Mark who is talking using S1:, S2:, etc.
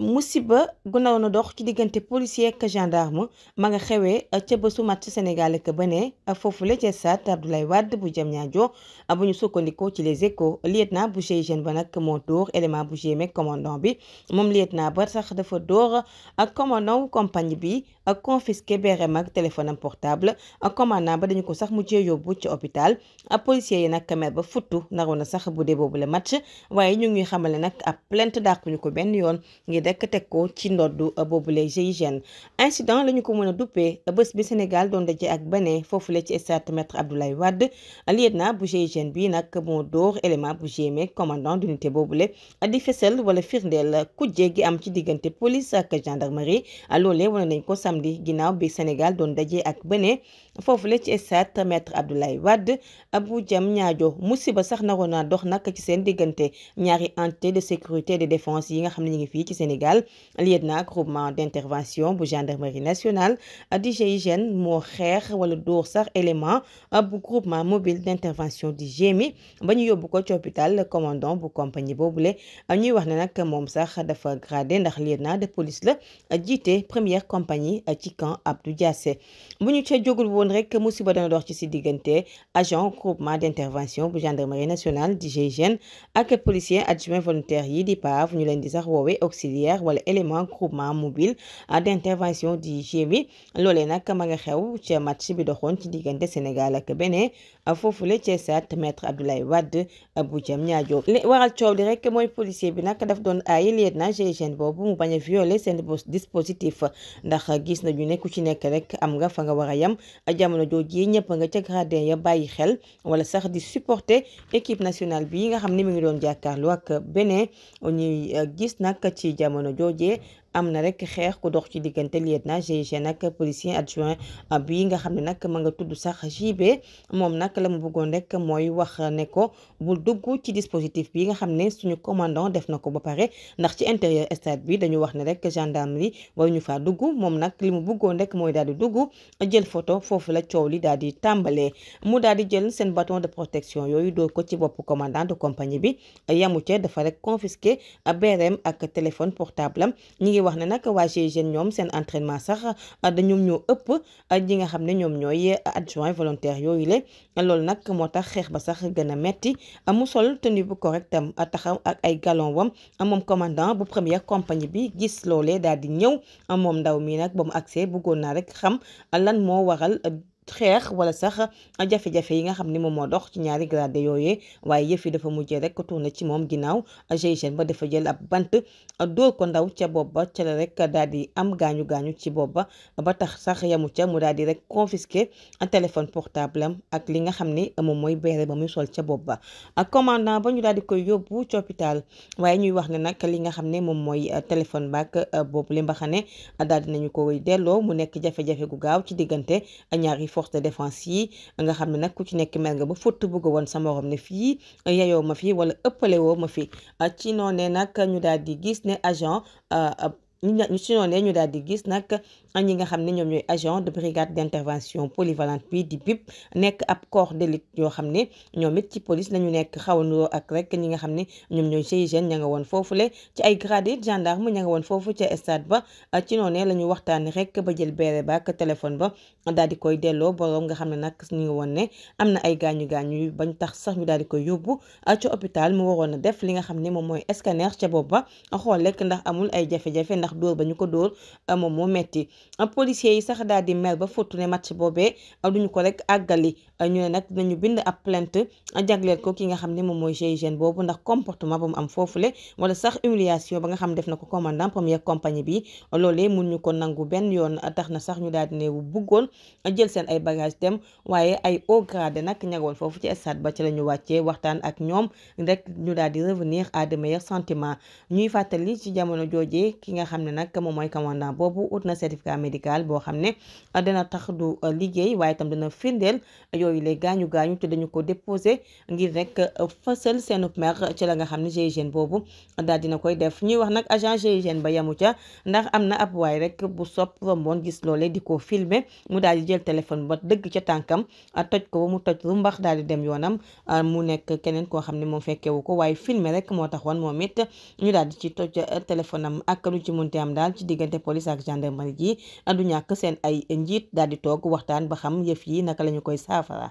S1: musiba gunaw na dox ci diggante policier ak gendarme ma nga xewee uh, ca bésu match Sénégal ak Bénin uh, foofule ca du lay Wade bu Diamniadio uh, bu ñu sukkandikoo ci les échos lieutenant bu GIGN ba nag moo door élément bu GMEC commandant bi moom naa ba sax dafa dóor ak commandant compagnie bi ak confisqué BRM ak téléphone am ak commandant ba dañu ko sax mujjee yóbbu ci hôpital ak policier yi nag mer ba futtu naroon na sax bu dee boobu la match waaye ñu ngi xamale nag ab plainte ko benn yoon rek teg ko ci boobu ndoddu boobule GIGN incident la ñu ko mën a duppee bés bi Sénégal doon daje ak Bénin foofule ci stade maître Abdoulaye Wade lieutenant bu GIGN bi nag moo dóor élément bu GME commandant d'unité boobule di fesal wala firndeel kujje gi am ci diggante police ak gendarmerie loolee wane nañ ko samedi ginnaaw bi Sénégal doon daje ak Bénin foofule ci stade maître Abdoulaye Wade bu jam ñaajo musiba sax naroon naa dox nag ci seen diggante ñaari entité de sécurité et de défense yi nga xam ne ñu ngi fii ci Sénégal Sénégal lieutenant groupement d'intervention bu gendarmerie nationale di GIGN moo xeex wala dóor sax élément ah, bu groupement mobile d'intervention di GMI ba ñu yóbbu ko ci hôpital commandant bu compagnie boobule ah, ñuy wax ne nag moom sax dafa gradé ndax lieutenant de police la ah, jiite première compagnie ci camp Abdou Diassé bu ñu ca jógul woon rek musiba dana dox ci si diggante agent groupement d'intervention bu gendarmerie nationale di GIGN ak policier adjoint volontaire yi di PAV ñu leen di sax woowee auxiliaire wala élément groupement mobile euh, d'intervention du bi loolee nag ma nga xew ca match bi doxoon ci diggante Sénégal ak Bénin euh, foofule ca stade maître Abdoulaye Wade euh, bu li waral coow li rek mooy policier bi nag daf doon ay lieutenant GIGN boobu mu bañ a violer seen dispositif ndax gis nañu ne ku ci nekk rek am nga fa nga war a yem jamono jooju ñëpp nga ca gradin ya bàyyi xel wala sax di supporter équipe nationale bi nga xam ne jamono joojee am na rek xeex ku dox ci diggante lieutenant GIGN nag policier adjoint bi nga xam ne nag ma nga tudd sax gibe moom nag la mu bëggoon rek mooy wax ne ko bul dugg ci dispositif bi nga xam ne suñu commandant def na ko ba pare ndax ci intérieur stade bi dañu wax ne rek gendarmerie waruñu faa dugg moom nag li mu bëggoon rek mooy daal di dugg jël photo foofu la coow li daal di tàmbalee mu daal di jël seen bâton de protection yooyu doo ko ci bopp commandant de compagnie bi yamu ca dafa confisqué BRM ak téléphone portable am wax ne nag waa GIGN ñoom seen entraînement sax ah, dañoom ñoo ëpp ah, ñi nga xam ne ñoom ñooy adjoint volontaire yooyu la loolu nag moo tax xeex ba sax gën a metti ah, mu sol tenue bu correctam taxaw ak ay galon wam moom commandant bu première compagnie bi gis loolee daal di ñëw moom ndaw mi nag ba mu agsee bëggoon naa rek xam lan moo waral xeex wala sax jafe-jafe yi nga xam ni moom moo dox ci ñaari gradé yooyee waaye yëf yi dafa mujjee rek tourné ci moom ginnaaw GIGN ba dafa jël ab bant dóor ko ndaw ca bopp ba ca rek daal di am gaañu gaañu ci bopp ba ba tax sax yamu ca mu daal di rek confisqué téléphone portable am ak li nga xam ni moom mooy béere ba muy sol ca bopp ba ak commandant ba ñu daal di koy yóbbu ci waaye ñuy wax ne nag li nga xam ne moom mooy téléphone baak boobu li mbaxane daal di nañu koy delloo mu nekk jafe-jafe gu gaaw ci diggante ñaari force de défense yi nga xam ne nag ku ci nekk mer nga ba fott bëgg woon sa morom ne fii yayoo ma fi wala ëppale ma fi ci noonee nag ñu daal di gis ne agent euh, ñu noonee ñu daal di gis nag ñi nga xam ne ñoom ñooy agent de brigade d'intervention polyvalente bi di BIP nekk ab corps d'élite yoo xam ne ñoom it ci police lañu nekk xawanuroo ak rek ñi nga xam ne ñoom ñooy GIGN ña nga woon foofule ci ay grade it gendarme ña nga woon foofu ca stade ba ci noonee la ñu waxtaanee rek ba jël beere ba ak téléphone ba daal di koy delloo boroom nga xam ne nag ñu ngi woon ne am na ay gaañu gaañu bañ tax sax ñu daal di koy yóbbu ca hôpital mu waroon na def li nga xam ne moom mooy scanner ca bopp ba xool rek amul ay jafe ndax ndax dóor ba ñu ko dóor euh, moom moo metti policiers yi sax daal di mer ba fottu ne match boobee euh, duñu ko rek àggali euh, ñu ne nag dinañu bind ab plainte jagleel ko ki nga xam ne moom mooy GIGN boobu ndax comportement ba mu am foofule wala sax humiliation ba nga xam def na ko commandant première compagnie bi loolee mun ñu ko nangu benn yoon tax na sax ñu daal di ne buggoon jël seen ay bagage dem waaye ay haut grade nag ñagoon foofu ci stade ba ci la ñu wàccee waxtaan ak ñoom rek ñu daal di revenir à de meilleurs sentiments ñuy fàttali ci jamono joojee ki xam ne nag moom mooy commandant boobu ut na certificat médical boo xam ne euh, dina tax du euh, liggéey waaye itam dina firndeel euh, yooyu les gaañu gaañu te dañu ko déposé ngir rek fësal seen mer ci la nga xam ne GIGN boobu daal dina koy def ñuy wax nag agent GIGN ba yamu ca ndax am na ab waay rek bu sopp romboon gis loole di ko filme mu daal di jël téléphone ba dëgg ca tànkam toj ko ba mu toj lu mbax daal di dem yoonam mu nekk keneen koo xam ne moom fekkewu munti am daal ci diggante police ak gendarmerie ji du ñàkk seen ay njiit daal di toog waxtaan ba xam yëf yi naka lañu koy saafara